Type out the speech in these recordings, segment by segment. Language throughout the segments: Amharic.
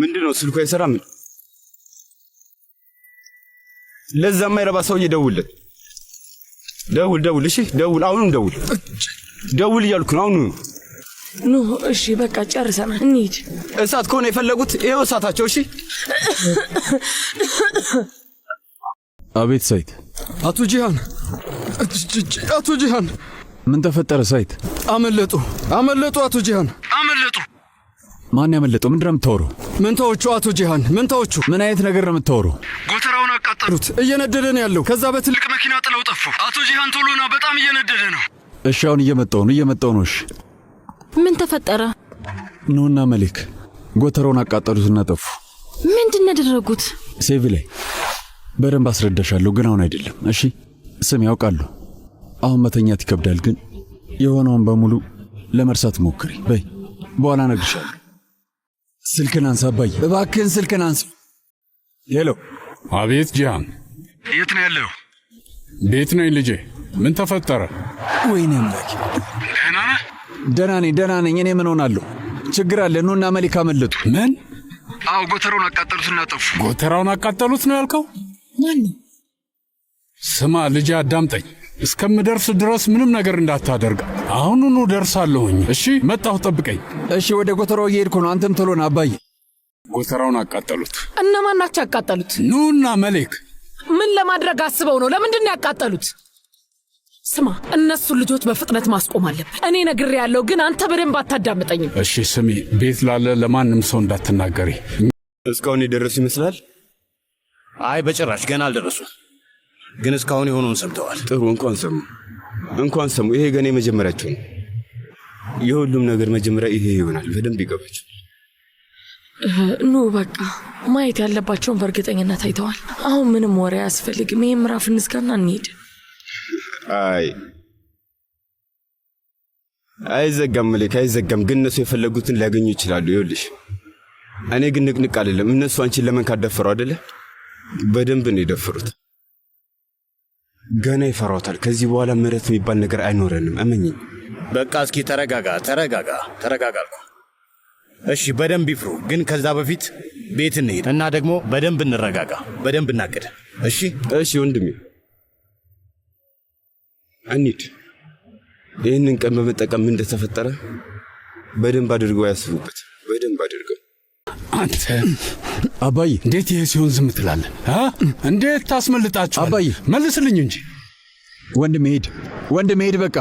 ምንድን ነው ስልኩ አይሰራም? ለዛ የማይረባ ሰውዬ ደውልለት። ደውል ደውል፣ እሺ ደውል፣ አሁኑም ደውል፣ ደውል እያልኩ ነው አሁኑ። ኑ። እሺ፣ በቃ ጨርሰናል፣ እንሂድ። እሳት ከሆነ የፈለጉት ይኸው እሳታቸው። እሺ። አቤት ሳይት። አቶ ጂሃን፣ አቶ ጂሃን፣ ምን ተፈጠረ? ሳይት፣ አመለጡ፣ አመለጡ፣ አቶ ጂሃን አመለጡ። ማን ያመለጠው? ምንድን ነው የምታወረው? ምንታዎቹ አቶ ጂሃን ምንታዎቹ። ምን አይነት ነገር ነው የምታወረው? ጎተራውን አቃጠሉት፣ እየነደደ ነው ያለው። ከዛ በትልቅ መኪና ጥለው ጠፉ። አቶ ጂሃን ቶሎና፣ በጣም እየነደደ ነው። እሺ አሁን እየመጣው ነው፣ እየመጣው ነው። እሺ ምን ተፈጠረ? ኑና መሌክ ጎተራውን አቃጠሉትና ጠፉ። ምንድን ነው ያደረጉት? ሴቪ ላይ በደንብ አስረዳሻለሁ፣ ግን አሁን አይደለም። እሺ ስም ያውቃሉ። አሁን መተኛት ይከብዳል፣ ግን የሆነውን በሙሉ ለመርሳት ሞክሪ። በይ በኋላ እነግርሻለሁ። ስልክን አንሳ አባዬ፣ እባክህን ስልክን አንሳ። ሄሎ። አቤት ጂሃን፣ የት ነው ያለው? ቤት ነኝ ልጄ። ምን ተፈጠረ? ወይኔ አምላኬ። ደህና ነህ? ደህና ነኝ፣ ደህና ነኝ። እኔ ምን ሆናለሁ? ችግር አለ። ኑና መሊክ መልጡ ምን? አዎ፣ ጎተራውን አቃጠሉት እና ጠፉ። ጎተራውን አቃጠሉት ነው ያልከው? ማን? ስማ ልጄ፣ አዳምጠኝ እስከምደርስ ድረስ ምንም ነገር እንዳታደርግ። አሁኑኑ ደርሳለሁኝ። እሺ፣ መጣሁ፣ ጠብቀኝ። እሺ፣ ወደ ጎተራው እየሄድኩ ነው። አንተም ቶሎን አባዬ። ጎተራውን አቃጠሉት። እነማን ናቸው ያቃጠሉት? ኑና መሌክ። ምን ለማድረግ አስበው ነው? ለምንድን ነው ያቃጠሉት? ስማ፣ እነሱን ልጆች በፍጥነት ማስቆም አለብ። እኔ ነግሬ ያለው ግን አንተ በደንብ አታዳምጠኝም። እሺ ስሚ፣ ቤት ላለ ለማንም ሰው እንዳትናገሪ። እስካሁን የደረሱ ይመስላል? አይ በጭራሽ ገና አልደረሱም። ግን እስካሁን የሆነውን ሰምተዋል። ጥሩ እንኳን ሰሙ እንኳን ሰሙ። ይሄ ገና የመጀመሪያቸው ነው። የሁሉም ነገር መጀመሪያ ይሄ ይሆናል። በደንብ ይገባቸው። ኑ በቃ ማየት ያለባቸውን በእርግጠኝነት አይተዋል። አሁን ምንም ወሬ አያስፈልግም። ይህ ምዕራፍ እንዝጋና እንሄድ። አይ አይዘጋም፣ መሌክ አይዘጋም። ግን እነሱ የፈለጉትን ሊያገኙ ይችላሉ። ይኸውልሽ፣ እኔ ግን ንቅንቅ አይደለም። እነሱ አንቺን ለመንካት ደፈሩ አይደለ? በደንብ ነው የደፈሩት። ገና ይፈራውታል። ከዚህ በኋላ ምሕረት የሚባል ነገር አይኖረንም። እመኝኝ። በቃ እስኪ ተረጋጋ፣ ተረጋጋ፣ ተረጋጋ አልኩ። እሺ በደንብ ይፍሩ፣ ግን ከዛ በፊት ቤት እንሄድ እና ደግሞ በደንብ እንረጋጋ፣ በደንብ እናቅድ። እሺ፣ እሺ ወንድሜ እንሂድ። ይህንን ቀን በመጠቀም ምን እንደተፈጠረ በደንብ አድርገው ያስቡበት፣ በደንብ አድርገው አንተ አባዬ፣ እንዴት ይሄ ሲሆን ዝም ትላለን? እንዴት ታስመልጣችሁ? አባዬ መልስልኝ እንጂ ወንድሜ፣ ሂድ ወንድሜ፣ ሂድ በቃ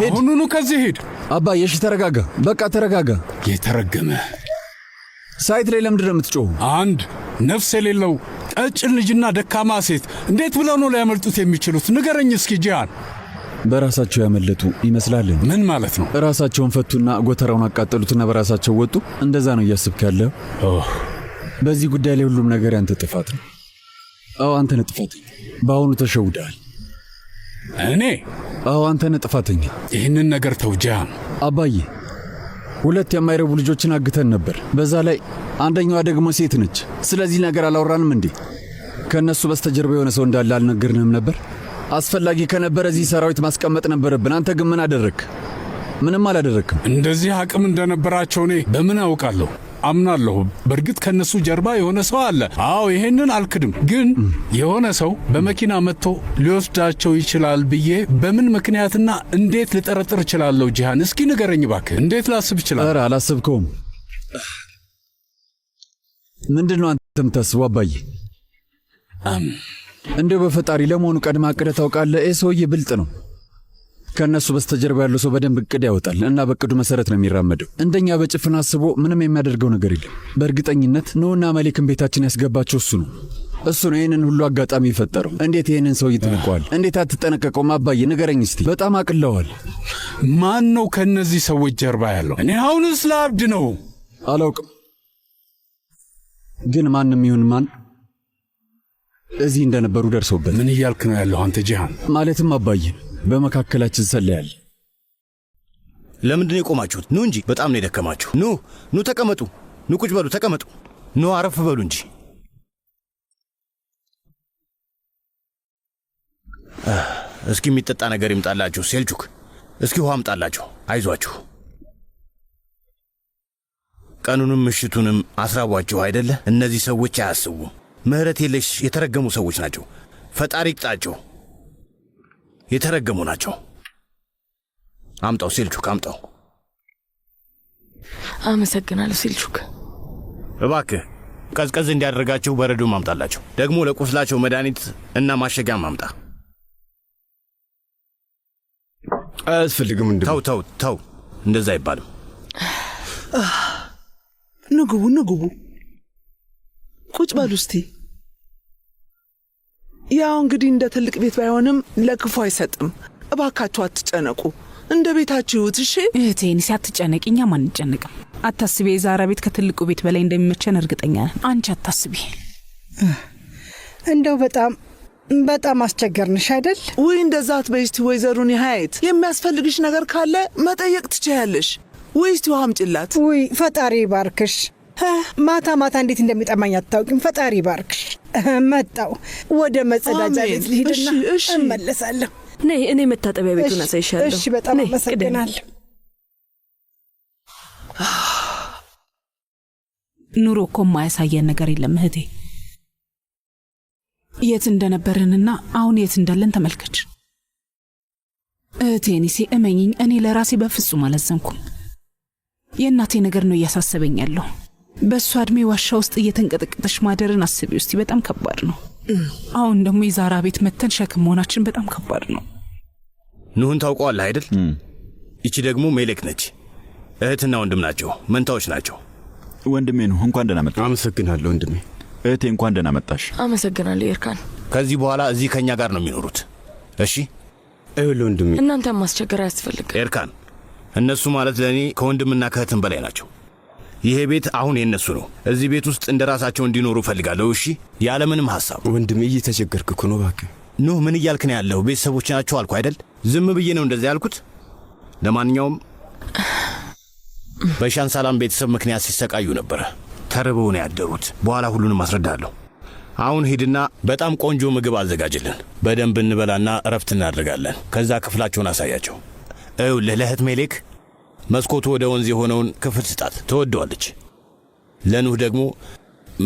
ሂድ፣ አሁኑኑ ከዚህ ሄድ። አባዬ፣ እሺ ተረጋጋ፣ በቃ ተረጋጋ። የተረገመ ሳይት ላይ ለምንድን ነው የምትጮሁ? አንድ ነፍስ የሌለው ቀጭን ልጅና ደካማ ሴት እንዴት ብለው ነው ሊያመልጡት የሚችሉት? ንገረኝ እስኪ ጂያን በራሳቸው ያመለጡ ይመስላል። ምን ማለት ነው? ራሳቸውን ፈቱና ጎተራውን አቃጠሉትና በራሳቸው ወጡ። እንደዛ ነው እያስብክ ያለው? በዚህ ጉዳይ ላይ ሁሉም ነገር ያንተ ጥፋት ነው። አዎ አንተ ነህ ጥፋተኛ። በአሁኑ ተሸውደሃል። እኔ? አዎ አንተ ነህ ጥፋተኛ። ይህንን ነገር ተውጃ አባዬ ሁለት የማይረቡ ልጆችን አግተን ነበር። በዛ ላይ አንደኛዋ ደግሞ ሴት ነች። ስለዚህ ነገር አላወራንም እንዴ? ከእነሱ በስተጀርባ የሆነ ሰው እንዳለ አልነገርንህም ነበር? አስፈላጊ ከነበረ እዚህ ሰራዊት ማስቀመጥ ነበረብን። አንተ ግን ምን አደረግ? ምንም አላደረግም። እንደዚህ አቅም እንደነበራቸው እኔ በምን አውቃለሁ? አምናለሁ። በእርግጥ ከነሱ ጀርባ የሆነ ሰው አለ። አዎ ይሄንን አልክድም። ግን የሆነ ሰው በመኪና መጥቶ ሊወስዳቸው ይችላል ብዬ በምን ምክንያትና እንዴት ልጠረጥር እችላለሁ? ጂሃን እስኪ ንገረኝ እባክህ። እንዴት ላስብ ይችላል? ኧረ አላስብከውም። ምንድን ነው አንተ የምታስበው አባዬ? እንደው በፈጣሪ ለመሆኑ ቀድማ አቅደ ታውቃለህ? ይህ ሰውዬ ብልጥ ነው። ከእነሱ በስተጀርባ ያለው ሰው በደንብ እቅድ ያወጣል እና በእቅዱ መሰረት ነው የሚራመደው። እንደኛ በጭፍን አስቦ ምንም የሚያደርገው ነገር የለም። በእርግጠኝነት ነውና መሌክን ቤታችን ያስገባቸው እሱ ነው እሱ ነው ይህንን ሁሉ አጋጣሚ የፈጠረው። እንዴት ይህንን ሰው ይጠነቀዋል? እንዴት አትጠነቀቀውም? አባዬ ንገረኝ እስቲ። በጣም አቅለዋል። ማን ነው ከእነዚህ ሰዎች ጀርባ ያለው? እኔ አሁንስ ለአብድ ነው አላውቅም፣ ግን ማንም ይሁን ማን እዚህ እንደነበሩ ደርሶበት። ምን እያልክ ነው ያለው አንተ ጂሃን? ማለትም አባዬን በመካከላችን ሰለያል። ለምንድን የቆማችሁት? ኑ እንጂ በጣም ነው የደከማችሁ። ኑ ኑ፣ ተቀመጡ። ኑ ቁጭ በሉ፣ ተቀመጡ። ኑ አረፍ በሉ እንጂ። እስኪ የሚጠጣ ነገር ይምጣላችሁ። ሴልቹክ፣ እስኪ ውሃ ምጣላችሁ። አይዟችሁ፣ ቀኑንም ምሽቱንም አስራቧችሁ አይደለ? እነዚህ ሰዎች አያስቡም። ምህረት የለሽ የተረገሙ ሰዎች ናቸው። ፈጣሪ ቅጣቸው። የተረገሙ ናቸው። አምጣው ሴልቹክ፣ አምጣው። አመሰግናለሁ ሴልቹክ። እባክህ ቀዝቀዝ እንዲያደርጋቸው በረዶ ማምጣላቸው። ደግሞ ለቁስላቸው መድኃኒት እና ማሸጊያ ማምጣ። አያስፈልግም። እንድ ተው ተው ተው፣ እንደዛ አይባልም። ንግቡ ንግቡ ቁጭ በሉ እስቲ። ያው እንግዲህ እንደ ትልቅ ቤት ባይሆንም ለክፉ አይሰጥም። እባካችሁ አትጨነቁ፣ እንደ ቤታችሁ ይሁት። እሺ እህቴን ሲያትጨነቂ እኛም አንጨነቅም። አታስቢ፣ የዛራ ቤት ከትልቁ ቤት በላይ እንደሚመቸን እርግጠኛ ነን። አንቺ አታስቢ። እንደው በጣም በጣም አስቸገርንሽ አይደል? ውይ እንደዛ አትበይ እስቲ ወይዘሩን ያህየት የሚያስፈልግሽ ነገር ካለ መጠየቅ ትችያለሽ። ውይ እስቲ ውሃ አምጪላት። ውይ ፈጣሪ ባርክሽ። ማታ ማታ እንዴት እንደሚጠማኝ አታውቂም። ፈጣሪ ባርክሽ። መጣው ወደ መጸዳጃ ቤት ልሂድና እመለሳለሁ። ነይ፣ እኔ መታጠቢያ ቤቱን አሳይሻለሁ። እሺ፣ በጣም አመሰግናለሁ። ኑሮ እኮ የማያሳየን ነገር የለም እህቴ። የት እንደነበርንና አሁን የት እንዳለን ተመልከች እህቴ። ኒሴ እመኝኝ፣ እኔ ለራሴ በፍጹም አላዘንኩም። የእናቴ ነገር ነው እያሳሰበኝ ያለሁ። በእሷ እድሜ ዋሻ ውስጥ እየተንቀጠቀጠች ማደርን አስቢ ውስጥ በጣም ከባድ ነው። አሁን ደግሞ የዛራ ቤት መተን ሸክም መሆናችን በጣም ከባድ ነው። ኑህን ታውቀዋለህ አይደል? ይቺ ደግሞ ሜሌክ ነች። እህትና ወንድም ናቸው፣ መንታዎች ናቸው። ወንድሜ ነው እንኳን ደህና መጣ። አመሰግናለሁ ወንድሜ። እህቴ እንኳን ደህና መጣሽ። አመሰግናለሁ ኤርካን። ከዚህ በኋላ እዚህ ከእኛ ጋር ነው የሚኖሩት። እሺ እህል ወንድሜ፣ እናንተ ማስቸገር አያስፈልግም። ኤርካን፣ እነሱ ማለት ለእኔ ከወንድምና ከእህትን በላይ ናቸው። ይሄ ቤት አሁን የነሱ ነው። እዚህ ቤት ውስጥ እንደ ራሳቸው እንዲኖሩ እፈልጋለሁ። እሺ፣ ያለምንም ሐሳብ ወንድም፣ እየተቸገርክ እኮ ነው። እባክህ ኑህ፣ ምን እያልክ ነው ያለው? ቤተሰቦች ናቸው አልኩ አይደል? ዝም ብዬ ነው እንደዚህ ያልኩት። ለማንኛውም በሻንሳላም ቤተሰብ ምክንያት ሲሰቃዩ ነበረ። ተርበው ነው ያደሩት። በኋላ ሁሉንም አስረዳለሁ። አሁን ሂድና በጣም ቆንጆ ምግብ አዘጋጅልን። በደንብ እንበላና እረፍት እናደርጋለን። ከዛ ክፍላቸውን አሳያቸው። እው ለለህት ሜሌክ መስኮቱ ወደ ወንዝ የሆነውን ክፍል ስጣት፣ ትወደዋለች። ለኑህ ደግሞ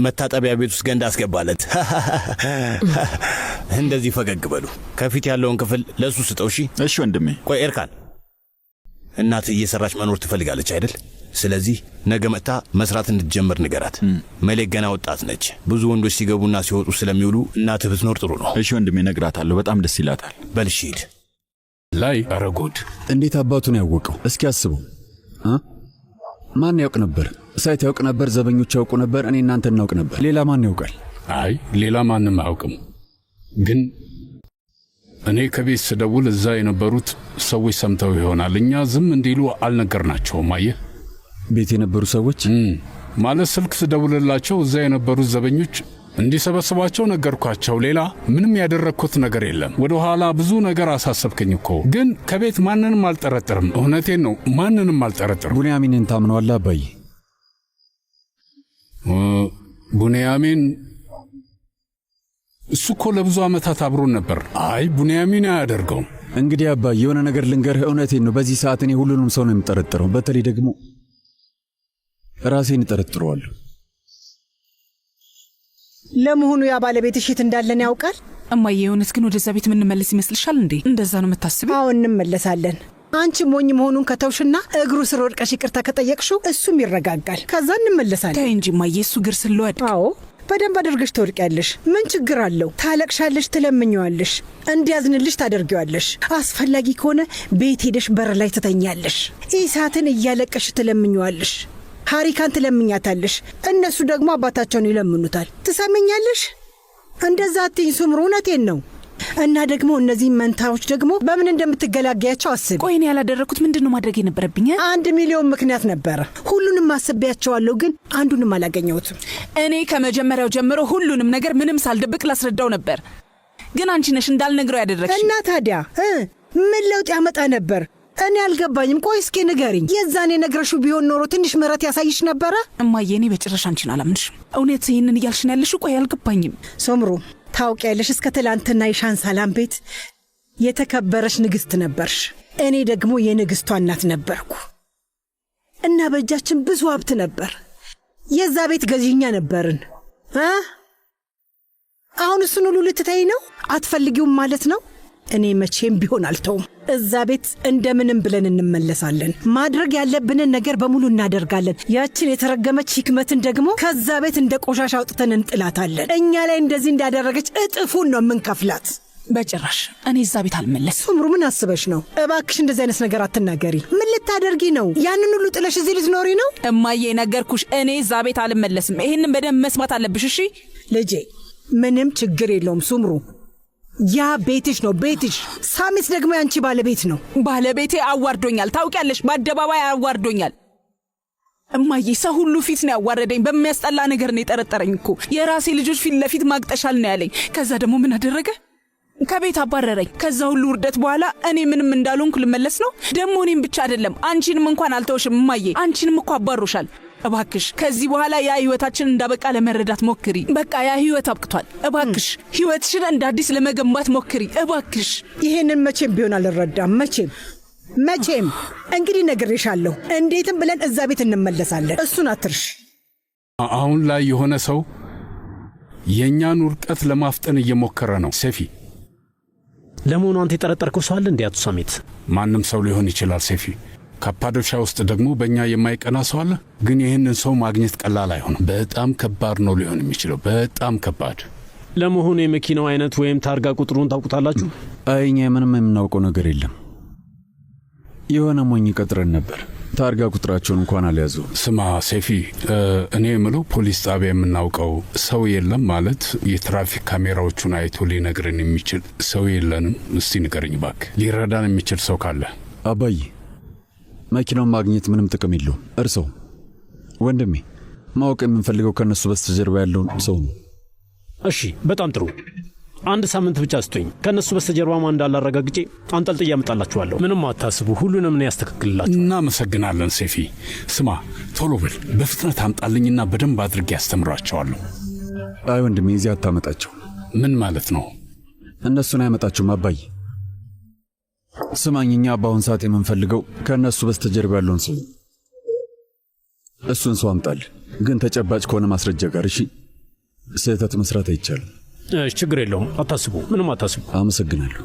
መታጠቢያ ቤት ውስጥ ገንዳ አስገባለት። እንደዚህ ፈገግ በሉ። ከፊት ያለውን ክፍል ለእሱ ስጠው። እሺ፣ እሺ ወንድሜ። ቆይ ኤርካን፣ እናት እየሰራች መኖር ትፈልጋለች አይደል? ስለዚህ ነገ መጥታ መስራት እንድትጀምር ንገራት። መሌክ ገና ወጣት ነች። ብዙ ወንዶች ሲገቡና ሲወጡ ስለሚውሉ እናትህ ብትኖር ጥሩ ነው። እሺ ወንድሜ፣ እነግራታለሁ። በጣም ደስ ይላታል። በልሽ ሂድ ላይ አረጎድ እንዴት አባቱን ያወቀው? እስኪ አስበው። ማን ያውቅ ነበር? ሳይት ያውቅ ነበር፣ ዘበኞች ያውቁ ነበር፣ እኔ እናንተ እናውቅ ነበር። ሌላ ማን ያውቃል? አይ ሌላ ማንም አያውቅም። ግን እኔ ከቤት ስደውል እዛ የነበሩት ሰዎች ሰምተው ይሆናል። እኛ ዝም እንዲሉ አልነገርናቸውም። አየህ ቤት የነበሩ ሰዎች ማለት ስልክ ስደውልላቸው እዛ የነበሩት ዘበኞች እንዲሰበስቧቸው ነገርኳቸው። ሌላ ምንም ያደረግኩት ነገር የለም። ወደ ኋላ ብዙ ነገር አሳሰብከኝ እኮ ግን ከቤት ማንንም አልጠረጥርም። እውነቴን ነው፣ ማንንም አልጠረጥርም። ቡንያሚንን ታምነዋል አባዬ? ቡንያሚን እሱ እኮ ለብዙ ዓመታት አብሮን ነበር። አይ ቡንያሚን አያደርገውም። እንግዲህ አባዬ የሆነ ነገር ልንገርህ፣ እውነቴን ነው። በዚህ ሰዓት እኔ ሁሉንም ሰው ነው የምጠረጥረው፣ በተለይ ደግሞ ራሴን እጠረጥረዋለሁ። ለመሆኑ ያ ባለቤት ሽት እንዳለን ያውቃል? እማዬ የእውነት ግን ወደዛ ቤት የምንመለስ ይመስልሻል እንዴ? እንደዛ ነው የምታስብ? አዎ እንመለሳለን። አንቺ ሞኝ መሆኑን ከተውሽና እግሩ ስር ወድቀሽ ይቅርታ ከጠየቅሽው እሱም ይረጋጋል። ከዛ እንመለሳለን። ተይ እንጂ እማዬ፣ እሱ እግር ስር አዎ በደንብ አድርገሽ ትወድቂያለሽ። ምን ችግር አለው? ታለቅሻለሽ፣ ትለምኘዋለሽ፣ እንዲያዝንልሽ ታደርጊዋለሽ። አስፈላጊ ከሆነ ቤት ሄደሽ በር ላይ ትተኛለሽ። ኢሳትን እያለቀሽ ትለምኘዋለሽ። ሀሪካን ትለምኛታለሽ፣ እነሱ ደግሞ አባታቸውን ይለምኑታል። ትሰምኛለሽ? እንደዛ አትኝ ስምሩ፣ እውነቴን ነው። እና ደግሞ እነዚህ መንታዎች ደግሞ በምን እንደምትገላገያቸው አስብ። ቆይ እኔ ያላደረግኩት ምንድን ነው ማድረግ የነበረብኝ? አንድ ሚሊዮን ምክንያት ነበረ። ሁሉንም አስቤያቸዋለሁ፣ ግን አንዱንም አላገኘሁትም። እኔ ከመጀመሪያው ጀምሮ ሁሉንም ነገር ምንም ሳልደብቅ ላስረዳው ነበር፣ ግን አንቺ ነሽ እንዳልነግረው ያደረግሽ። እና ታዲያ ምን ለውጥ ያመጣ ነበር? እኔ አልገባኝም። ቆይ እስኪ ንገሪኝ። የዛኔ ነግረሽው ቢሆን ኖሮ ትንሽ ምህረት ያሳይሽ ነበረ። እማዬ፣ እኔ በጭራሽ አንቺን አላምንሽም። እውነት ይህንን እያልሽን ያለሽ? ቆይ አልገባኝም። ሶምሩ፣ ታውቂያለሽ፣ እስከ ትላንትና የሻን ሰላም ቤት የተከበረሽ ንግሥት ነበርሽ። እኔ ደግሞ የንግሥቷ እናት ነበርኩ እና በእጃችን ብዙ ሀብት ነበር። የዛ ቤት ገዥኛ ነበርን። አሁን እሱን ሁሉ ልትተይ ነው? አትፈልጊውም ማለት ነው? እኔ መቼም ቢሆን አልተውም። እዛ ቤት እንደምንም ብለን እንመለሳለን። ማድረግ ያለብንን ነገር በሙሉ እናደርጋለን። ያችን የተረገመች ሂክመትን ደግሞ ከዛ ቤት እንደ ቆሻሻ አውጥተን እንጥላታለን። እኛ ላይ እንደዚህ እንዳደረገች እጥፉን ነው የምንከፍላት። በጭራሽ እኔ እዛ ቤት አልመለስም። ሱምሩ ምን አስበሽ ነው? እባክሽ እንደዚህ አይነት ነገር አትናገሪ። ምን ልታደርጊ ነው? ያንን ሁሉ ጥለሽ እዚህ ልትኖሪ ነው? እማዬ ነገርኩሽ፣ እኔ እዛ ቤት አልመለስም። ይህንን በደንብ መስማት አለብሽ እሺ ልጄ። ምንም ችግር የለውም ሱምሩ ያ ቤትሽ ነው ቤትሽ። ሳሚስ ደግሞ ያንቺ ባለቤት ነው። ባለቤቴ አዋርዶኛል፣ ታውቂያለሽ። በአደባባይ አዋርዶኛል። እማዬ፣ ሰው ሁሉ ፊት ነው ያዋረደኝ። በሚያስጠላ ነገር ነው የጠረጠረኝ እኮ። የራሴ ልጆች ፊት ለፊት ማግጠሻል ነው ያለኝ። ከዛ ደግሞ ምን አደረገ? ከቤት አባረረኝ። ከዛ ሁሉ ውርደት በኋላ እኔ ምንም እንዳልሆንኩ ልመለስ ነው? ደግሞ እኔም ብቻ አይደለም አንቺንም እንኳን አልተውሽም እማዬ፣ አንቺንም እኮ አባሮሻል። እባክሽ ከዚህ በኋላ ያ ህይወታችን እንዳበቃ ለመረዳት ሞክሪ። በቃ ያ ህይወት አብቅቷል። እባክሽ ህይወትሽን እንደ አዲስ ለመገንባት ሞክሪ። እባክሽ ይህንን መቼም ቢሆን አልረዳም። መቼም መቼም እንግዲህ ነግሬሻለሁ። እንዴትም ብለን እዛ ቤት እንመለሳለን። እሱን አትርሽ። አሁን ላይ የሆነ ሰው የእኛን ውርቀት ለማፍጠን እየሞከረ ነው። ሴፊ፣ ለመሆኑ አንተ የጠረጠርከው ሰው አለ ሳሜት፣ ማንም ሰው ሊሆን ይችላል ሴፊ ካፓዶሻ ውስጥ ደግሞ በእኛ የማይቀና ሰው አለ። ግን ይህንን ሰው ማግኘት ቀላል አይሆንም። በጣም ከባድ ነው ሊሆን የሚችለው በጣም ከባድ። ለመሆኑ የመኪናው አይነት ወይም ታርጋ ቁጥሩን ታውቁታላችሁ? አይ እኛ ምንም የምናውቀው ነገር የለም። የሆነ ሞኝ ቀጥረን ነበር። ታርጋ ቁጥራቸውን እንኳን አልያዙ። ስማ ሴፊ፣ እኔ የምለው ፖሊስ ጣቢያ የምናውቀው ሰው የለም ማለት የትራፊክ ካሜራዎቹን አይቶ ሊነግረን የሚችል ሰው የለንም። እስቲ ንገረኝ እባክህ፣ ሊረዳን የሚችል ሰው ካለ አባይ መኪናውን ማግኘት ምንም ጥቅም የለውም። እርሶ ወንድሜ፣ ማወቅ የምንፈልገው ከእነሱ በስተጀርባ ያለውን ሰው ነው። እሺ፣ በጣም ጥሩ። አንድ ሳምንት ብቻ ስቶኝ ከእነሱ በስተጀርባ ማን እንዳላረጋግጬ አንጠልጥዬ ያመጣላችኋለሁ። ምንም አታስቡ፣ ሁሉንም እኔ ያስተካክልላችሁ። እናመሰግናለን ሴፊ። ስማ፣ ቶሎ ብል በፍጥነት አምጣልኝና በደንብ አድርጌ ያስተምራቸዋለሁ። አይ ወንድሜ፣ እዚህ አታመጣቸው። ምን ማለት ነው? እነሱን አያመጣችሁም አባዬ ስማኝ፣ እኛ በአሁን ሰዓት የምንፈልገው ከእነሱ በስተጀርባ ያለውን ሰው እሱን ሰው አምጣል። ግን ተጨባጭ ከሆነ ማስረጃ ጋር እሺ። ስህተት መስራት አይቻልም። ችግር የለውም፣ አታስቡ፣ ምንም አታስቡ። አመሰግናለሁ፣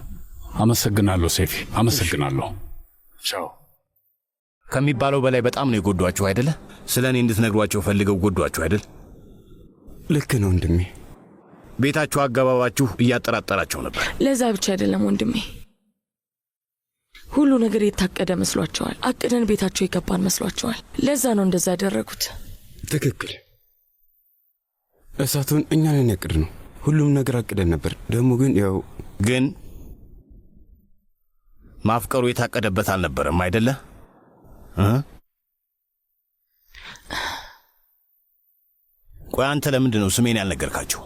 አመሰግናለሁ ሴፊ፣ አመሰግናለሁ። ቻው። ከሚባለው በላይ በጣም ነው የጎዷችሁ አይደለ? ስለ እኔ እንድትነግሯቸው ፈልገው ጎዷችሁ አይደል? ልክ ነው ወንድሜ። ቤታችሁ አገባባችሁ እያጠራጠራቸው ነበር። ለዛ ብቻ አይደለም ወንድሜ ሁሉ ነገር የታቀደ መስሏቸዋል። አቅደን ቤታቸው የገባን መስሏቸዋል። ለዛ ነው እንደዛ ያደረጉት። ትክክል። እሳቱን እኛን ያቅድ ነው። ሁሉም ነገር አቅደን ነበር። ደግሞ ግን ያው ግን ማፍቀሩ የታቀደበት አልነበረም አይደለ? ቆይ አንተ ለምንድን ነው ስሜን ያልነገርካቸው?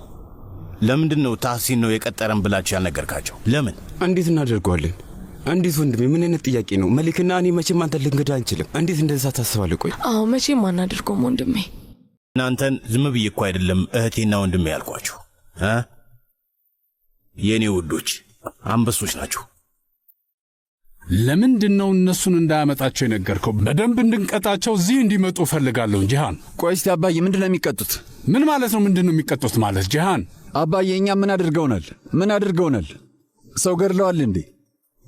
ለምንድን ነው ታህሲን ነው የቀጠረን ብላችሁ ያልነገርካቸው? ለምን? እንዴት እናደርገዋለን? እንዴት ወንድሜ፣ ምን አይነት ጥያቄ ነው? መልክና እኔ መቼም አንተን ልንገዳ አንችልም። እንዴት እንደዛ ታስባለህ? ቆይ አዎ፣ መቼም አናደርገውም ወንድሜ። እናንተን ዝም ብዬ እኮ አይደለም እህቴና ወንድሜ ያልኳችሁ እ የእኔ ውዶች አንበሶች ናችሁ። ለምንድን ነው እነሱን እንዳያመጣቸው የነገርከው? በደንብ እንድንቀጣቸው እዚህ እንዲመጡ እፈልጋለሁ። ጂሃን፣ ቆይ እስቲ አባዬ፣ ምንድን ነው የሚቀጡት? ምን ማለት ነው? ምንድን ነው የሚቀጡት ማለት ጂሃን? አባዬ፣ እኛ ምን አድርገውናል? ምን አድርገውናል? ሰው ገድለዋል እንዴ?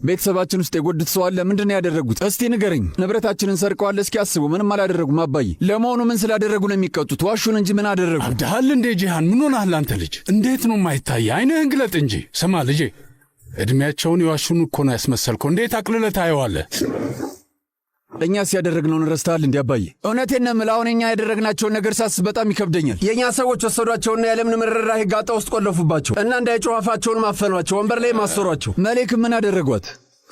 ቤተሰባችን ውስጥ የጎድት ሰው አለ። ምንድን ነው ያደረጉት? እስቲ ንገረኝ። ንብረታችንን ሰርቀዋል እስኪ አስቡ። ምንም አላደረጉም አባዬ። ለመሆኑ ምን ስላደረጉ ነው የሚቀጡት? ዋሹን እንጂ ምን አደረጉ? አብድሃል እንዴ ጂሃን፣ ምን ሆናል አንተ ልጅ? እንዴት ነው የማይታየ? አይንህን ግለጥ እንጂ። ስማ ልጄ፣ ዕድሜያቸውን የዋሹን እኮ ነው ያስመሰልከው። እንዴት አቅልለ ታየዋለህ? እኛስ ያደረግነውን ረስተሃል? እንዲ እውነቴን ነው የምልህ። አሁን እኛ ያደረግናቸውን ነገር ሳስብ በጣም ይከብደኛል። የእኛ ሰዎች ወሰዷቸውና ያለምንም ርኅራኄ ጋጣ ውስጥ ቆለፉባቸው እና እንዳይጮህ ማፈኗቸው፣ ወንበር ላይ ማሰሯቸው። መሌክ ምን አደረጓት?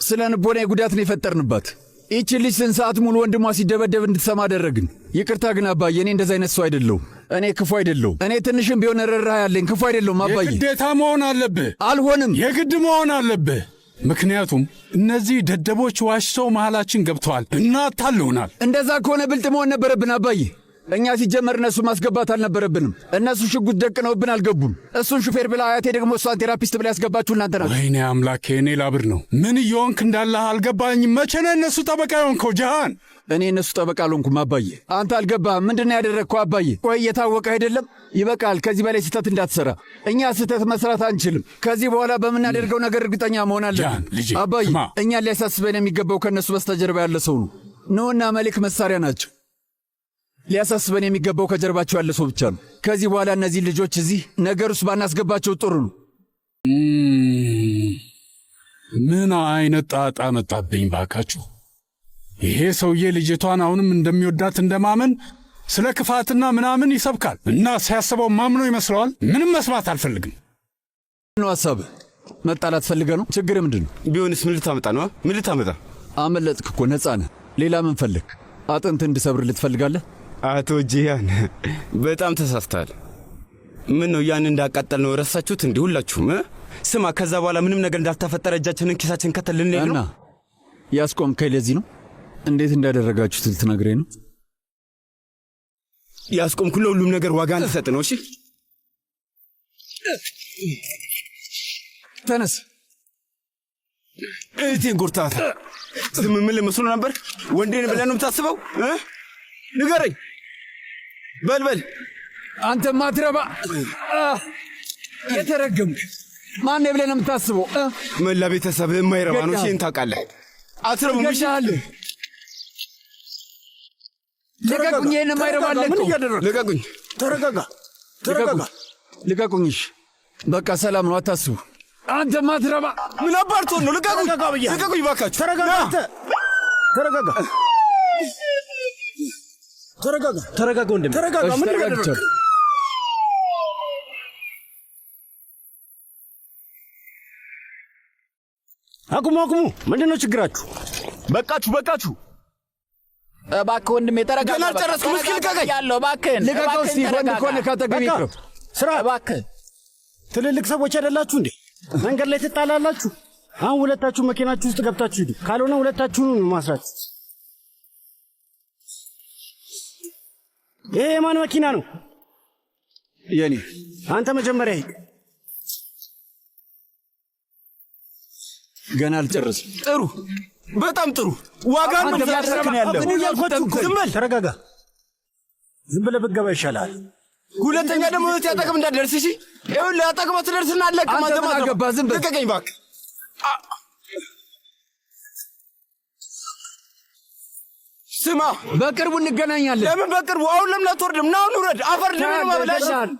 ስለ ንቦና ነው የፈጠርንባት ይቺ ልጅ ስንት ሰዓት ሙሉ ወንድሟ ሲደበደብ እንድትሰማ አደረግን። ይቅርታ ግን አባዬ፣ እኔ እንደዚ አይነት ሰው አይደለሁም። እኔ ክፉ አይደለሁም። እኔ ትንሽም ቢሆን ርኅራኄ ያለኝ ክፉ አይደለሁም አባዬ። የግዴታ መሆን አለብህ። አልሆንም። የግድ መሆን አለብህ። ምክንያቱም እነዚህ ደደቦች ዋሽተው መሃላችን ገብተዋል እና ታልሆናል። እንደዛ ከሆነ ብልጥ መሆን ነበረብን አባዬ። እኛ ሲጀመር እነሱ ማስገባት አልነበረብንም። እነሱ ሽጉጥ ደቅነውብን አልገቡም። እሱን ሹፌር ብላ አያቴ ደግሞ እሷን ቴራፒስት ብላ ያስገባችሁ እናንተ ናችሁ። ወይኔ አምላኬ፣ እኔ ላብር ነው። ምን እየሆንክ እንዳለህ አልገባኝም። መቼ ነው እነሱ ጠበቃ የሆንከው ጃሃን? እኔ እነሱ ጠበቃ አልሆንኩም። አባዬ አንተ አልገባህም። ምንድን ነው ያደረግከው? አባዬ ቆይ እየታወቀ አይደለም። ይበቃል። ከዚህ በላይ ስህተት እንዳትሰራ። እኛ ስህተት መስራት አንችልም። ከዚህ በኋላ በምናደርገው ነገር እርግጠኛ መሆን አለብን። አባዬ እኛን ሊያሳስበን የሚገባው ከእነሱ በስተጀርባ ያለ ሰው ነው። ኖና መልክ መሳሪያ ናቸው። ሊያሳስበን የሚገባው ከጀርባቸው ያለ ሰው ብቻ ነው። ከዚህ በኋላ እነዚህ ልጆች እዚህ ነገር ውስጥ ባናስገባቸው ጥሩ ነው። ምን አይነት ጣጣ መጣብኝ ባካችሁ። ይሄ ሰውዬ ልጅቷን አሁንም እንደሚወዳት እንደማመን ስለ ክፋትና ምናምን ይሰብካል እና ሲያስበው ማምኖ ይመስለዋል። ምንም መስማት አልፈልግም ነው ሀሳብ። መጣላት ፈልገ ነው። ችግር ምንድን ነው? ቢሆንስ ምን ልታመጣ ነው? ምን ልታመጣ? አመለጥክ እኮ ነጻ ነህ። ሌላ ምን ፈልግ? አጥንት እንድሰብር ልትፈልጋለህ? አቶ ጂያን በጣም ተሳስተሃል። ምን ነው ያን እንዳቃጠል ነው ረሳችሁት? እንዲህ ሁላችሁም ስማ፣ ከዛ በኋላ ምንም ነገር እንዳልተፈጠረ እጃችንን ኪሳችን ከተልን ነው ያስቆምከኝ። ለዚህ ነው እንዴት እንዳደረጋችሁት ልትነግረኝ ነው? ያስቆምኩ ለሁሉም ነገር ዋጋ ልትሰጥ ነው። እሺ ተነስ። እህቴን ጎርታት ዝም መስሎ ነበር? ወንዴን ብለህ ነው የምታስበው? ንገረኝ። በልበል አንተ ማትረባ የተረገምክ ማን ብለህ ነው የምታስበው? መላ ቤተሰብ የማይረባ ነው። ይህን ታውቃለህ። አትረቡም። ልቀቁኝ! ይህን የማይረባ ምን ልቀቁኝ! ተረጋጋ፣ ተረጋጋ! ልቀቁኝ! እሺ በቃ ሰላም ነው፣ አታስቡ። አንተ ማትረባ ምን አባርቶ ነው? ልቀቁኝ! ልቀቁኝ! እባካችሁ ተረጋጋ! ተረጋጋ! ተረጋጋ! ተረጋጋ! ወንድም ተረጋጋ! ምን እያደረግ አቁሙ! አቁሙ! ምንድን ነው ችግራችሁ? በቃችሁ! በቃችሁ! እባክህ ወንድሜ ተረጋጋ። ገና አልጨረስኩም። እስኪ ልቀቀኝ ያለው እባክህን፣ ልቀቀው እስኪ ወንድ ከሆነ ካጠገቤ ስራ እባክህ። ትልልቅ ሰዎች አይደላችሁ እንዴ? መንገድ ላይ ትጣላላችሁ። አሁን ሁለታችሁ መኪናችሁ ውስጥ ገብታችሁ ሂዱ፣ ካልሆነ ሁለታችሁን ነው ማስራት። ይሄ የማን መኪና ነው? የኔ። አንተ መጀመሪያ ሂድ። ገና አልጨረስም። ጥሩ በጣም ጥሩ ዋጋ ምን ያደረክን ያለው ዝም በል ተረጋጋ። ዝም ብለህ ብትገባ ይሻላል። ሁለተኛ ደግሞ እህት ያጠቅም እንዳትደርስ እሺ። ይኸውልህ አጠቅማ ትደርስና አለቅ ማገባ ዝም በል ልቀቀኝ እባክህ። ስማ በቅርቡ እንገናኛለን። ለምን በቅርቡ? አሁን ለምን አትወርድም? ና አሁን ውረድ። አፈር ለምን ማብላሻል